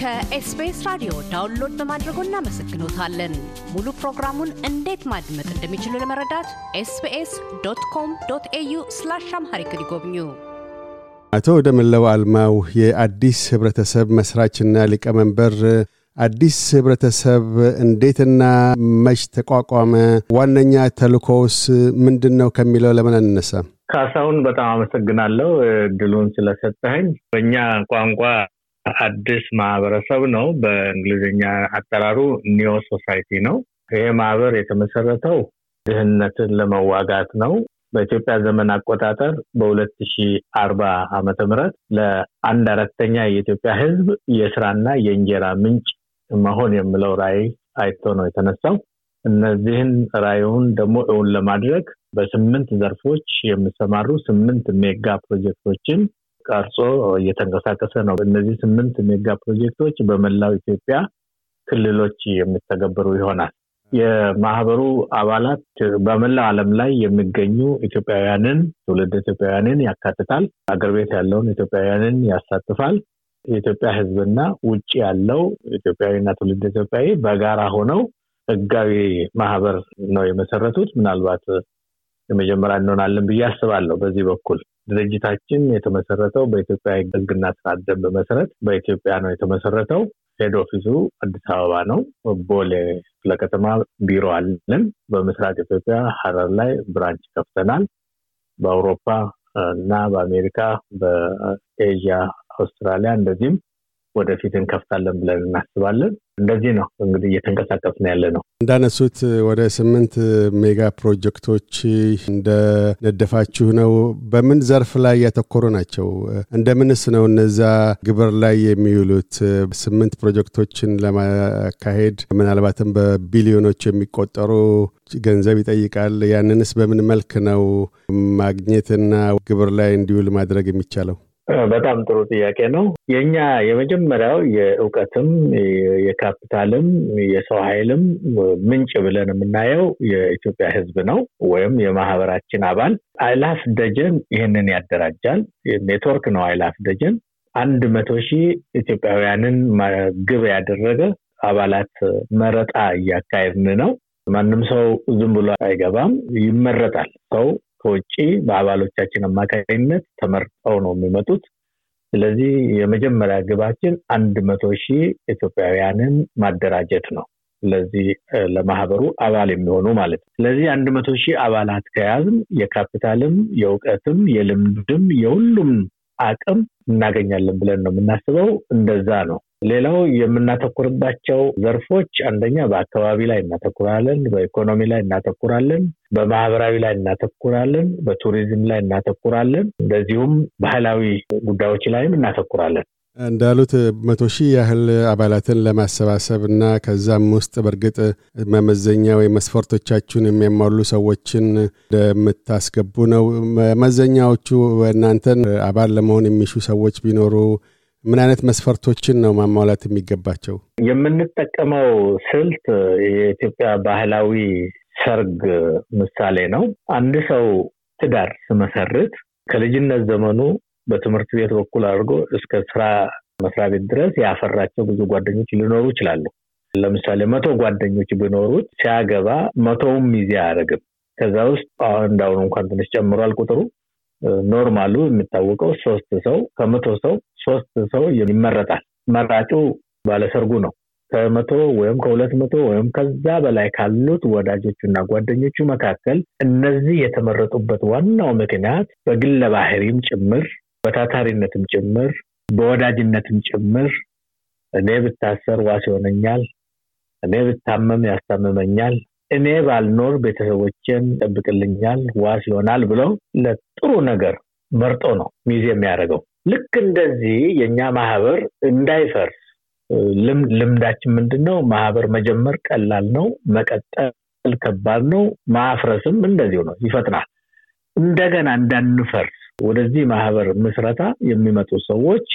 ከኤስቢኤስ ራዲዮ ዳውንሎድ በማድረጎ እናመሰግኖታለን። ሙሉ ፕሮግራሙን እንዴት ማድመጥ እንደሚችሉ ለመረዳት ኤስቢኤስ ዶት ኮም ዶት ኤዩ ስላሽ አምሃሪክ ይጎብኙ። አቶ ደምለው አልማው የአዲስ ህብረተሰብ መስራችና ሊቀመንበር፣ አዲስ ህብረተሰብ እንዴትና መች ተቋቋመ? ዋነኛ ተልእኮውስ ምንድን ነው ከሚለው ለምን አንነሳ? ካሳሁን በጣም አመሰግናለሁ እድሉን ስለሰጠኸኝ። በእኛ ቋንቋ አዲስ ማህበረሰብ ነው። በእንግሊዝኛ አጠራሩ ኒዮ ሶሳይቲ ነው። ይህ ማህበር የተመሰረተው ድህነትን ለመዋጋት ነው። በኢትዮጵያ ዘመን አቆጣጠር በሁለት ሺ አርባ ዓመተ ምህረት ለአንድ አራተኛ የኢትዮጵያ ሕዝብ የስራና የእንጀራ ምንጭ መሆን የሚለው ራዕይ አይቶ ነው የተነሳው። እነዚህን ራዕዩን ደግሞ እውን ለማድረግ በስምንት ዘርፎች የሚሰማሩ ስምንት ሜጋ ፕሮጀክቶችን ቀርጾ እየተንቀሳቀሰ ነው። እነዚህ ስምንት ሜጋ ፕሮጀክቶች በመላው ኢትዮጵያ ክልሎች የሚተገበሩ ይሆናል። የማህበሩ አባላት በመላው ዓለም ላይ የሚገኙ ኢትዮጵያውያንን ትውልድ ኢትዮጵያውያንን ያካትታል። አገር ቤት ያለውን ኢትዮጵያውያንን ያሳትፋል። የኢትዮጵያ ሕዝብና ውጭ ያለው ኢትዮጵያዊና ትውልድ ኢትዮጵያዊ በጋራ ሆነው ህጋዊ ማህበር ነው የመሰረቱት። ምናልባት የመጀመሪያ እንሆናለን ብዬ አስባለሁ በዚህ በኩል ድርጅታችን የተመሰረተው በኢትዮጵያ ሕግና ስርዓት ደንብ መሰረት በኢትዮጵያ ነው የተመሰረተው። ሄድ ኦፊሱ አዲስ አበባ ነው። ቦሌ ክፍለ ከተማ ቢሮ አለን። በምስራቅ ኢትዮጵያ ሀረር ላይ ብራንች ከፍተናል። በአውሮፓ እና በአሜሪካ፣ በኤዥያ፣ አውስትራሊያ እንደዚህም ወደፊት እንከፍታለን ብለን እናስባለን። እንደዚህ ነው እንግዲህ እየተንቀሳቀስን ያለ ነው። እንዳነሱት ወደ ስምንት ሜጋ ፕሮጀክቶች እንደነደፋችሁ ነው። በምን ዘርፍ ላይ ያተኮሩ ናቸው? እንደምንስ ነው እነዛ ግብር ላይ የሚውሉት? ስምንት ፕሮጀክቶችን ለማካሄድ ምናልባትም በቢሊዮኖች የሚቆጠሩ ገንዘብ ይጠይቃል። ያንንስ በምን መልክ ነው ማግኘትና ግብር ላይ እንዲውል ማድረግ የሚቻለው? በጣም ጥሩ ጥያቄ ነው። የእኛ የመጀመሪያው የእውቀትም የካፒታልም የሰው ኃይልም ምንጭ ብለን የምናየው የኢትዮጵያ ህዝብ ነው ወይም የማህበራችን አባል አይላፍ ደጀን ይህንን ያደራጃል። ኔትወርክ ነው አይላፍ ደጀን አንድ መቶ ሺህ ኢትዮጵያውያንን ግብ ያደረገ አባላት መረጣ እያካሄድን ነው። ማንም ሰው ዝም ብሎ አይገባም፣ ይመረጣል። ሰው ከውጭ በአባሎቻችን አማካኝነት ተመርጠው ነው የሚመጡት። ስለዚህ የመጀመሪያ ግባችን አንድ መቶ ሺህ ኢትዮጵያውያንን ማደራጀት ነው። ስለዚህ ለማህበሩ አባል የሚሆኑ ማለት ነው። ስለዚህ አንድ መቶ ሺህ አባላት ከያዝም የካፒታልም፣ የእውቀትም፣ የልምድም የሁሉም አቅም እናገኛለን ብለን ነው የምናስበው። እንደዛ ነው ሌላው የምናተኩርባቸው ዘርፎች አንደኛ በአካባቢ ላይ እናተኩራለን፣ በኢኮኖሚ ላይ እናተኩራለን፣ በማህበራዊ ላይ እናተኩራለን፣ በቱሪዝም ላይ እናተኩራለን፣ እንደዚሁም ባህላዊ ጉዳዮች ላይም እናተኩራለን። እንዳሉት መቶ ሺህ ያህል አባላትን ለማሰባሰብ እና ከዛም ውስጥ በእርግጥ መመዘኛ ወይም መስፈርቶቻችሁን የሚያሟሉ ሰዎችን እንደምታስገቡ ነው። መመዘኛዎቹ እናንተን አባል ለመሆን የሚሹ ሰዎች ቢኖሩ ምን አይነት መስፈርቶችን ነው ማሟላት የሚገባቸው? የምንጠቀመው ስልት የኢትዮጵያ ባህላዊ ሰርግ ምሳሌ ነው። አንድ ሰው ትዳር ስመሰርት ከልጅነት ዘመኑ በትምህርት ቤት በኩል አድርጎ እስከ ስራ መስሪያ ቤት ድረስ ያፈራቸው ብዙ ጓደኞች ሊኖሩ ይችላሉ። ለምሳሌ መቶ ጓደኞች ቢኖሩት ሲያገባ መቶውም ሚዜ አያደርግም። ከዛ ውስጥ አሁን እንዳሁኑ እንኳን ትንሽ ጨምሯል ቁጥሩ። ኖርማሉ የሚታወቀው ሶስት ሰው ከመቶ ሰው ሶስት ሰው ይመረጣል። መራጩ ባለሰርጉ ነው። ከመቶ ወይም ከሁለት መቶ ወይም ከዛ በላይ ካሉት ወዳጆቹና ጓደኞቹ መካከል እነዚህ የተመረጡበት ዋናው ምክንያት በግለ ባህሪም ጭምር በታታሪነትም ጭምር በወዳጅነትም ጭምር እኔ ብታሰር ዋስ ይሆነኛል፣ እኔ ብታመም ያስታምመኛል፣ እኔ ባልኖር ቤተሰቦችን ጠብቅልኛል ዋስ ይሆናል ብለው ለጥሩ ነገር መርጦ ነው ሚዜ የሚያደርገው። ልክ እንደዚህ የእኛ ማህበር እንዳይፈርስ ልምዳችን ምንድን ነው? ማህበር መጀመር ቀላል ነው፣ መቀጠል ከባድ ነው፣ ማፍረስም እንደዚሁ ነው፣ ይፈጥናል። እንደገና እንዳንፈርስ ወደዚህ ማህበር ምስረታ የሚመጡ ሰዎች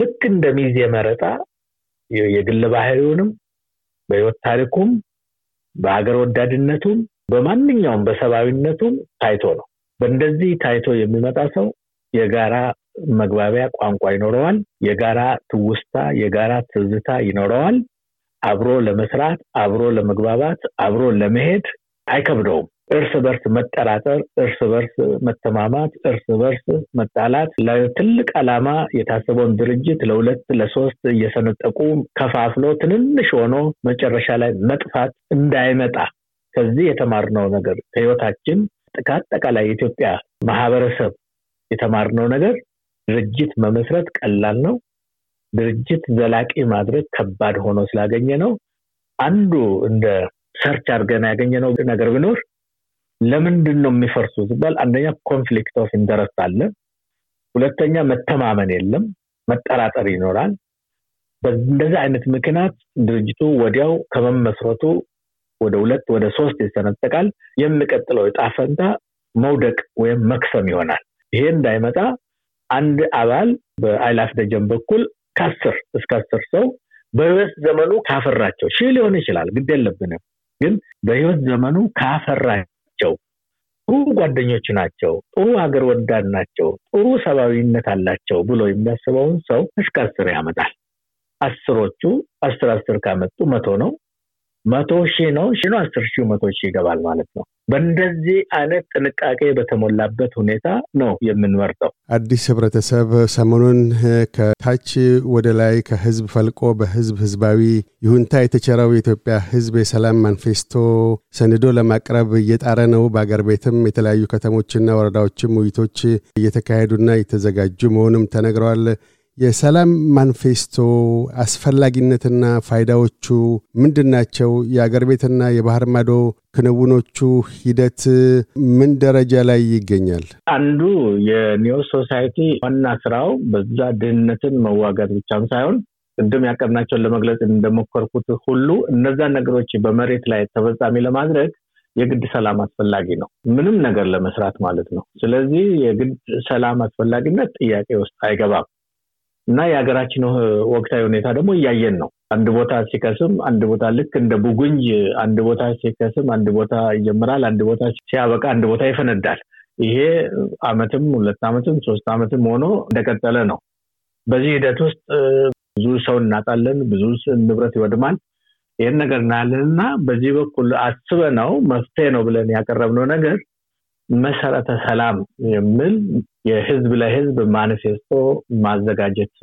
ልክ እንደ ሚዜ መረጣ የግል ባህሪውንም በህይወት ታሪኩም በሀገር ወዳድነቱም በማንኛውም በሰብአዊነቱም ታይቶ ነው። በእንደዚህ ታይቶ የሚመጣ ሰው የጋራ መግባቢያ ቋንቋ ይኖረዋል። የጋራ ትውስታ፣ የጋራ ትዝታ ይኖረዋል። አብሮ ለመስራት፣ አብሮ ለመግባባት፣ አብሮ ለመሄድ አይከብደውም። እርስ በርስ መጠራጠር፣ እርስ በርስ መተማማት፣ እርስ በርስ መጣላት ለትልቅ ዓላማ የታሰበውን ድርጅት ለሁለት ለሶስት እየሰነጠቁ ከፋፍሎ ትንንሽ ሆኖ መጨረሻ ላይ መጥፋት እንዳይመጣ ከዚህ የተማርነው ነገር ከህይወታችን ከአጠቃላይ የኢትዮጵያ ማህበረሰብ የተማርነው ነገር ድርጅት መመስረት ቀላል ነው። ድርጅት ዘላቂ ማድረግ ከባድ ሆኖ ስላገኘ ነው። አንዱ እንደ ሰርች አድርገን ነው ነገር ቢኖር ለምንድን ነው የሚፈርሱ ሲባል አንደኛ ኮንፍሊክት ኦፍ ኢንተረስት አለ። ሁለተኛ መተማመን የለም፣ መጠራጠር ይኖራል። በእንደዚህ አይነት ምክንያት ድርጅቱ ወዲያው ከመመስረቱ ወደ ሁለት ወደ ሶስት ይሰነጠቃል። የሚቀጥለው የጣፈንታ መውደቅ ወይም መክሰም ይሆናል። ይሄ እንዳይመጣ አንድ አባል በአይላፍ ደጀን በኩል ከአስር እስከ አስር ሰው በህይወት ዘመኑ ካፈራቸው ሺህ ሊሆን ይችላል፣ ግድ የለብንም። ግን በህይወት ዘመኑ ካፈራቸው ጥሩ ጓደኞች ናቸው፣ ጥሩ ሀገር ወዳድ ናቸው፣ ጥሩ ሰብአዊነት አላቸው ብሎ የሚያስበውን ሰው እስከ አስር ያመጣል። አስሮቹ አስር አስር ካመጡ መቶ ነው። መቶ ሺህ ነው ሺ ነው አስር ሺ መቶ ሺህ ይገባል ማለት ነው። በእንደዚህ አይነት ጥንቃቄ በተሞላበት ሁኔታ ነው የምንመርጠው። አዲስ ህብረተሰብ ሰሞኑን ከታች ወደ ላይ ከህዝብ ፈልቆ በህዝብ ህዝባዊ ይሁንታ የተቸረው የኢትዮጵያ ህዝብ የሰላም ማንፌስቶ ሰንዶ ለማቅረብ እየጣረ ነው። በአገር ቤትም የተለያዩ ከተሞችና ወረዳዎችም ውይይቶች እየተካሄዱና እየተዘጋጁ መሆኑም ተነግረዋል። የሰላም ማንፌስቶ አስፈላጊነትና ፋይዳዎቹ ምንድናቸው? የአገር ቤትና የባህር ማዶ ክንውኖቹ ሂደት ምን ደረጃ ላይ ይገኛል? አንዱ የኒው ሶሳይቲ ዋና ስራው በዛ ድህነትን መዋጋት ብቻም ሳይሆን ቅድም ያቀድናቸውን ለመግለጽ እንደሞከርኩት ሁሉ እነዛን ነገሮች በመሬት ላይ ተፈጻሚ ለማድረግ የግድ ሰላም አስፈላጊ ነው፣ ምንም ነገር ለመስራት ማለት ነው። ስለዚህ የግድ ሰላም አስፈላጊነት ጥያቄ ውስጥ አይገባም። እና የሀገራችን ወቅታዊ ሁኔታ ደግሞ እያየን ነው። አንድ ቦታ ሲከስም አንድ ቦታ ልክ እንደ ቡጉኝ አንድ ቦታ ሲከስም አንድ ቦታ ይጀምራል፣ አንድ ቦታ ሲያበቃ አንድ ቦታ ይፈነዳል። ይሄ አመትም ሁለት ዓመትም ሶስት ዓመትም ሆኖ እንደቀጠለ ነው። በዚህ ሂደት ውስጥ ብዙ ሰው እናጣለን፣ ብዙ ንብረት ይወድማል። ይህን ነገር እናያለን እና በዚህ በኩል አስበ ነው መፍትሄ ነው ብለን ያቀረብነው ነገር መሰረተ ሰላም የሚል የህዝብ ለህዝብ ማኒፌስቶ ማዘጋጀት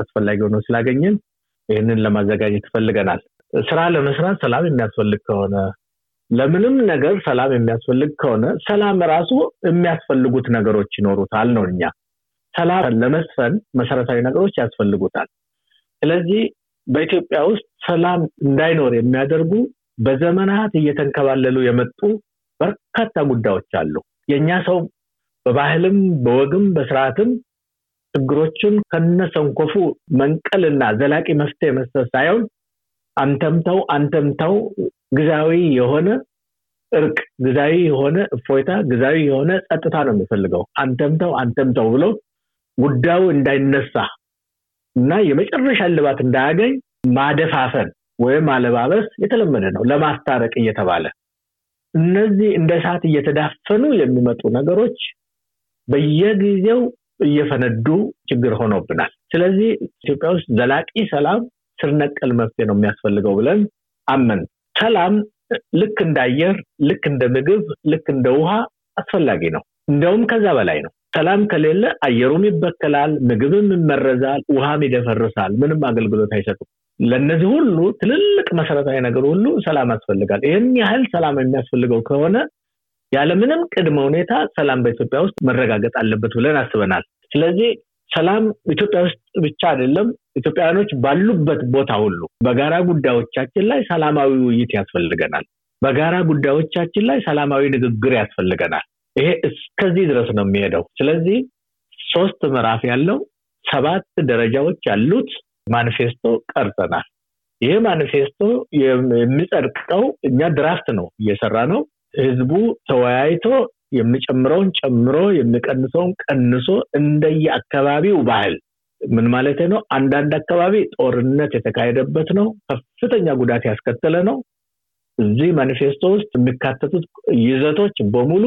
አስፈላጊ ሆኖ ስላገኘን ይህንን ለማዘጋጀት ይፈልገናል። ስራ ለመስራት ሰላም የሚያስፈልግ ከሆነ ለምንም ነገር ሰላም የሚያስፈልግ ከሆነ ሰላም ራሱ የሚያስፈልጉት ነገሮች ይኖሩታል ነው። እኛ ሰላም ለመስፈን መሰረታዊ ነገሮች ያስፈልጉታል። ስለዚህ በኢትዮጵያ ውስጥ ሰላም እንዳይኖር የሚያደርጉ በዘመናት እየተንከባለሉ የመጡ በርካታ ጉዳዮች አሉ። የእኛ ሰው በባህልም በወግም በስርዓትም ችግሮችን ከነሰንኮፉ መንቀልና ዘላቂ መፍትሄ መስጠት ሳይሆን አንተምተው አንተምተው ግዛዊ የሆነ እርቅ፣ ግዛዊ የሆነ እፎይታ፣ ግዛዊ የሆነ ጸጥታ ነው የሚፈልገው። አንተምተው አንተምተው ብሎ ጉዳዩ እንዳይነሳ እና የመጨረሻ ልባት እንዳያገኝ ማደፋፈን ወይም አለባበስ የተለመደ ነው ለማስታረቅ እየተባለ እነዚህ እንደ ሰዓት እየተዳፈኑ የሚመጡ ነገሮች በየጊዜው እየፈነዱ ችግር ሆኖብናል። ስለዚህ ኢትዮጵያ ውስጥ ዘላቂ ሰላም ስርነቀል መፍትሄ ነው የሚያስፈልገው ብለን አመን። ሰላም ልክ እንደ አየር፣ ልክ እንደ ምግብ፣ ልክ እንደ ውሃ አስፈላጊ ነው። እንደውም ከዛ በላይ ነው። ሰላም ከሌለ አየሩም ይበከላል፣ ምግብም ይመረዛል፣ ውሃም ይደፈርሳል፣ ምንም አገልግሎት አይሰጡም። ለእነዚህ ሁሉ ትልልቅ መሰረታዊ ነገር ሁሉ ሰላም ያስፈልጋል። ይህን ያህል ሰላም የሚያስፈልገው ከሆነ ያለምንም ቅድመ ሁኔታ ሰላም በኢትዮጵያ ውስጥ መረጋገጥ አለበት ብለን አስበናል። ስለዚህ ሰላም ኢትዮጵያ ውስጥ ብቻ አይደለም፣ ኢትዮጵያውያኖች ባሉበት ቦታ ሁሉ በጋራ ጉዳዮቻችን ላይ ሰላማዊ ውይይት ያስፈልገናል። በጋራ ጉዳዮቻችን ላይ ሰላማዊ ንግግር ያስፈልገናል። ይሄ እስከዚህ ድረስ ነው የሚሄደው። ስለዚህ ሶስት ምዕራፍ ያለው ሰባት ደረጃዎች ያሉት ማኒፌስቶ ቀርጸናል። ይህ ማኒፌስቶ የሚጸድቀው እኛ ድራፍት ነው እየሰራ ነው። ህዝቡ ተወያይቶ የሚጨምረውን ጨምሮ የሚቀንሰውን ቀንሶ እንደየአካባቢው ባህል ምን ማለት ነው? አንዳንድ አካባቢ ጦርነት የተካሄደበት ነው፣ ከፍተኛ ጉዳት ያስከተለ ነው። እዚህ ማኒፌስቶ ውስጥ የሚካተቱት ይዘቶች በሙሉ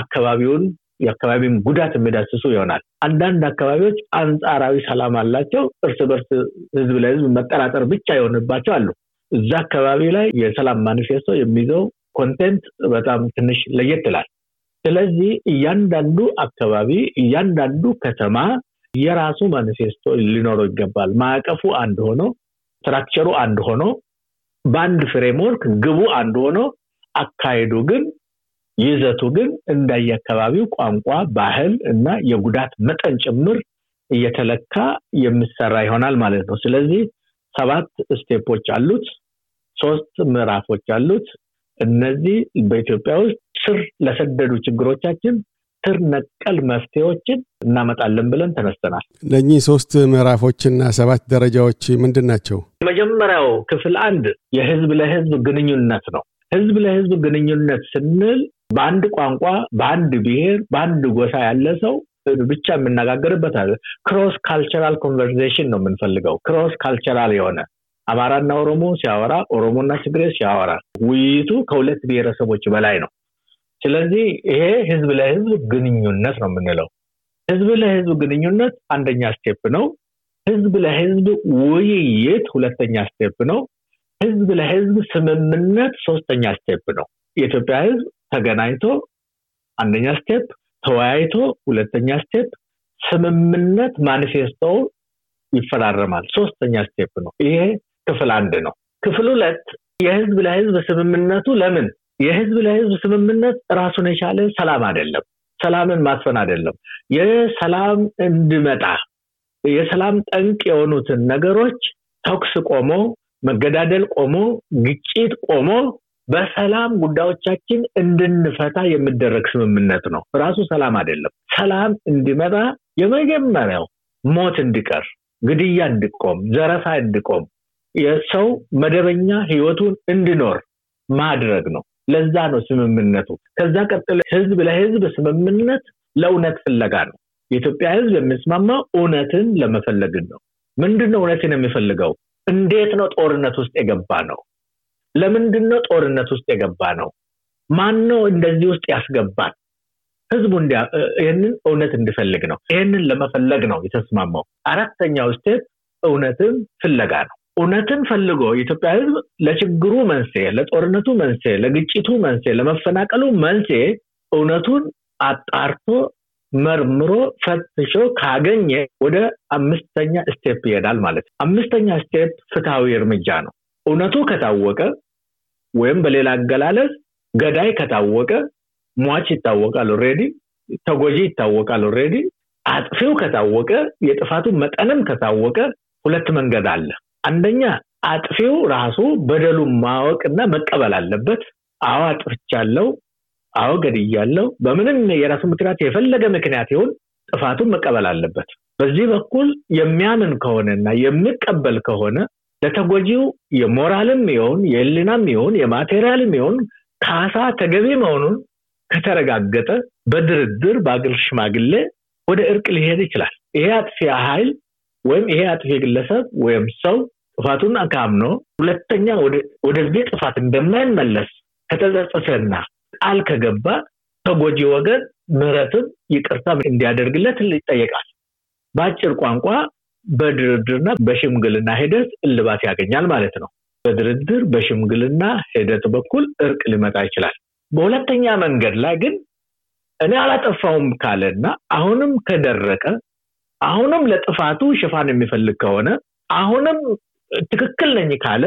አካባቢውን የአካባቢም ጉዳት የሚዳስሱ ይሆናል። አንዳንድ አካባቢዎች አንጻራዊ ሰላም አላቸው፣ እርስ በርስ ህዝብ ለህዝብ መጠራጠር ብቻ የሆንባቸው አሉ። እዛ አካባቢ ላይ የሰላም ማኒፌስቶ የሚይዘው ኮንቴንት በጣም ትንሽ ለየት ይላል። ስለዚህ እያንዳንዱ አካባቢ እያንዳንዱ ከተማ የራሱ ማኒፌስቶ ሊኖረው ይገባል። ማዕቀፉ አንድ ሆኖ ስትራክቸሩ አንድ ሆኖ በአንድ ፍሬምወርክ ግቡ አንድ ሆኖ አካሄዱ ግን ይዘቱ ግን እንዳየአካባቢው ቋንቋ፣ ባህል እና የጉዳት መጠን ጭምር እየተለካ የሚሰራ ይሆናል ማለት ነው። ስለዚህ ሰባት ስቴፖች አሉት፣ ሶስት ምዕራፎች አሉት። እነዚህ በኢትዮጵያ ውስጥ ስር ለሰደዱ ችግሮቻችን ስር ነቀል መፍትሄዎችን እናመጣለን ብለን ተነስተናል። ለእኚህ ሶስት ምዕራፎችና ሰባት ደረጃዎች ምንድን ናቸው? የመጀመሪያው ክፍል አንድ የህዝብ ለህዝብ ግንኙነት ነው። ህዝብ ለህዝብ ግንኙነት ስንል በአንድ ቋንቋ፣ በአንድ ብሔር፣ በአንድ ጎሳ ያለ ሰው ብቻ የምነጋገርበት አለ። ክሮስ ካልቸራል ኮንቨርሴሽን ነው የምንፈልገው። ክሮስ ካልቸራል የሆነ አማራና ኦሮሞ ሲያወራ፣ ኦሮሞና ትግሬ ሲያወራ፣ ውይይቱ ከሁለት ብሔረሰቦች በላይ ነው። ስለዚህ ይሄ ህዝብ ለህዝብ ግንኙነት ነው የምንለው። ህዝብ ለህዝብ ግንኙነት አንደኛ ስቴፕ ነው። ህዝብ ለህዝብ ውይይት ሁለተኛ ስቴፕ ነው። ህዝብ ለህዝብ ስምምነት ሶስተኛ ስቴፕ ነው። የኢትዮጵያ ህዝብ ተገናኝቶ አንደኛ ስቴፕ ተወያይቶ፣ ሁለተኛ ስቴፕ ስምምነት ማኒፌስቶ ይፈራረማል። ሶስተኛ ስቴፕ ነው። ይሄ ክፍል አንድ ነው። ክፍል ሁለት የህዝብ ለህዝብ ስምምነቱ ለምን የህዝብ ለህዝብ ስምምነት ራሱን የቻለ ሰላም አይደለም። ሰላምን ማስፈን አይደለም። የሰላም እንዲመጣ የሰላም ጠንቅ የሆኑትን ነገሮች ተኩስ ቆሞ፣ መገዳደል ቆሞ፣ ግጭት ቆሞ በሰላም ጉዳዮቻችን እንድንፈታ የሚደረግ ስምምነት ነው። ራሱ ሰላም አይደለም። ሰላም እንዲመጣ የመጀመሪያው ሞት እንዲቀር፣ ግድያ እንዲቆም፣ ዘረፋ እንዲቆም፣ የሰው መደበኛ ህይወቱን እንዲኖር ማድረግ ነው። ለዛ ነው ስምምነቱ። ከዛ ቀጥለ ህዝብ ለህዝብ ስምምነት ለእውነት ፍለጋ ነው። የኢትዮጵያ ህዝብ የሚስማማው እውነትን ለመፈለግን ነው። ምንድን ነው እውነትን የሚፈልገው? እንዴት ነው ጦርነት ውስጥ የገባ ነው? ለምንድን ነው ጦርነት ውስጥ የገባ ነው? ማን ነው እንደዚህ ውስጥ ያስገባል? ህዝቡ ይህንን እውነት እንዲፈልግ ነው። ይህንን ለመፈለግ ነው የተስማማው። አራተኛው ስቴፕ እውነትን ፍለጋ ነው። እውነትን ፈልጎ የኢትዮጵያ ህዝብ ለችግሩ መንስኤ፣ ለጦርነቱ መንስኤ፣ ለግጭቱ መንስኤ፣ ለመፈናቀሉ መንስኤ እውነቱን አጣርቶ መርምሮ ፈትሾ ካገኘ ወደ አምስተኛ ስቴፕ ይሄዳል ማለት ነው። አምስተኛ ስቴፕ ፍትሐዊ እርምጃ ነው። እውነቱ ከታወቀ ወይም በሌላ አገላለጽ ገዳይ ከታወቀ ሟች ይታወቃል ኦሬዲ ተጎጂ ይታወቃል ኦሬዲ አጥፊው ከታወቀ የጥፋቱ መጠንም ከታወቀ ሁለት መንገድ አለ አንደኛ አጥፊው ራሱ በደሉ ማወቅና መቀበል አለበት አዎ አለው አዎ ገድያለሁ በምንም የራሱ ምክንያት የፈለገ ምክንያት ይሁን ጥፋቱን መቀበል አለበት በዚህ በኩል የሚያምን ከሆነና የሚቀበል ከሆነ ለተጎጂው የሞራልም ይሆን የህልናም ይሆን የማቴሪያልም ይሆን ካሳ ተገቢ መሆኑን ከተረጋገጠ በድርድር በአገር ሽማግሌ ወደ እርቅ ሊሄድ ይችላል። ይሄ አጥፊ ሀይል ወይም ይሄ አጥፊ ግለሰብ ወይም ሰው ጥፋቱን አካምኖ ሁለተኛ ወደዚህ ጥፋት እንደማይመለስ ከተጸጸሰና ቃል ከገባ ተጎጂ ወገን ምረትም ይቅርታ እንዲያደርግለት ይጠየቃል። በአጭር ቋንቋ በድርድርና በሽምግልና ሂደት እልባት ያገኛል ማለት ነው። በድርድር በሽምግልና ሂደት በኩል እርቅ ሊመጣ ይችላል። በሁለተኛ መንገድ ላይ ግን እኔ አላጠፋውም ካለና አሁንም ከደረቀ አሁንም ለጥፋቱ ሽፋን የሚፈልግ ከሆነ አሁንም ትክክል ነኝ ካለ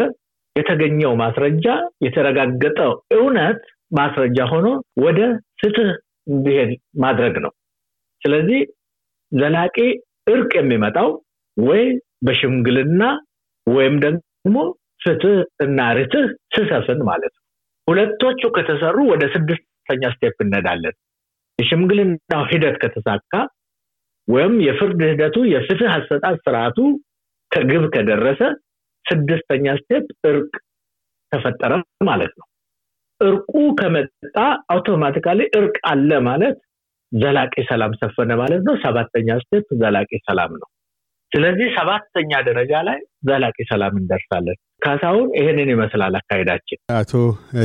የተገኘው ማስረጃ የተረጋገጠው እውነት ማስረጃ ሆኖ ወደ ስትህ እንዲሄድ ማድረግ ነው። ስለዚህ ዘላቂ እርቅ የሚመጣው ወይ በሽምግልና ወይም ደግሞ ፍትህ እና ርትህ ስሰፍን ማለት ነው። ሁለቶቹ ከተሰሩ ወደ ስድስተኛ ስቴፕ እንሄዳለን። የሽምግልናው ሂደት ከተሳካ ወይም የፍርድ ሂደቱ የፍትህ አሰጣት ስርዓቱ ከግብ ከደረሰ ስድስተኛ ስቴፕ እርቅ ተፈጠረ ማለት ነው። እርቁ ከመጣ አውቶማቲካሊ እርቅ አለ ማለት ዘላቂ ሰላም ሰፈነ ማለት ነው። ሰባተኛ ስቴፕ ዘላቂ ሰላም ነው። ስለዚህ ሰባተኛ ደረጃ ላይ ዘላቂ ሰላም እንደርሳለን። ካሳሁን ይህንን ይመስላል አካሄዳችን። አቶ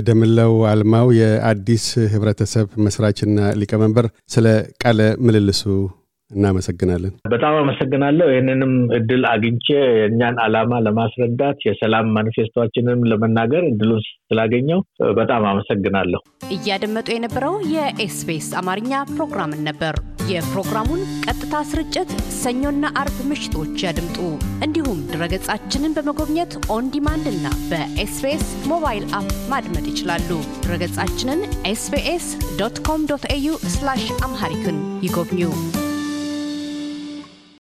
ደምለው አልማው የአዲስ ህብረተሰብ መስራችና ሊቀመንበር፣ ስለ ቃለ ምልልሱ እናመሰግናለን። በጣም አመሰግናለሁ። ይህንንም እድል አግኝቼ የእኛን አላማ ለማስረዳት የሰላም ማኒፌስቶችንም ለመናገር እድሉን ስላገኘው በጣም አመሰግናለሁ። እያደመጡ የነበረው የኤስቢኤስ አማርኛ ፕሮግራምን ነበር። የፕሮግራሙን ቀጥታ ስርጭት ሰኞና አርብ ምሽቶች ያድምጡ። እንዲሁም ድረገጻችንን በመጎብኘት ኦን ዲማንድ እና በኤስቢኤስ ሞባይል አፕ ማድመጥ ይችላሉ። ድረገጻችንን ኤስቢኤስ ዶት ኮም ዶት ኤዩ አምሃሪክን ይጎብኙ።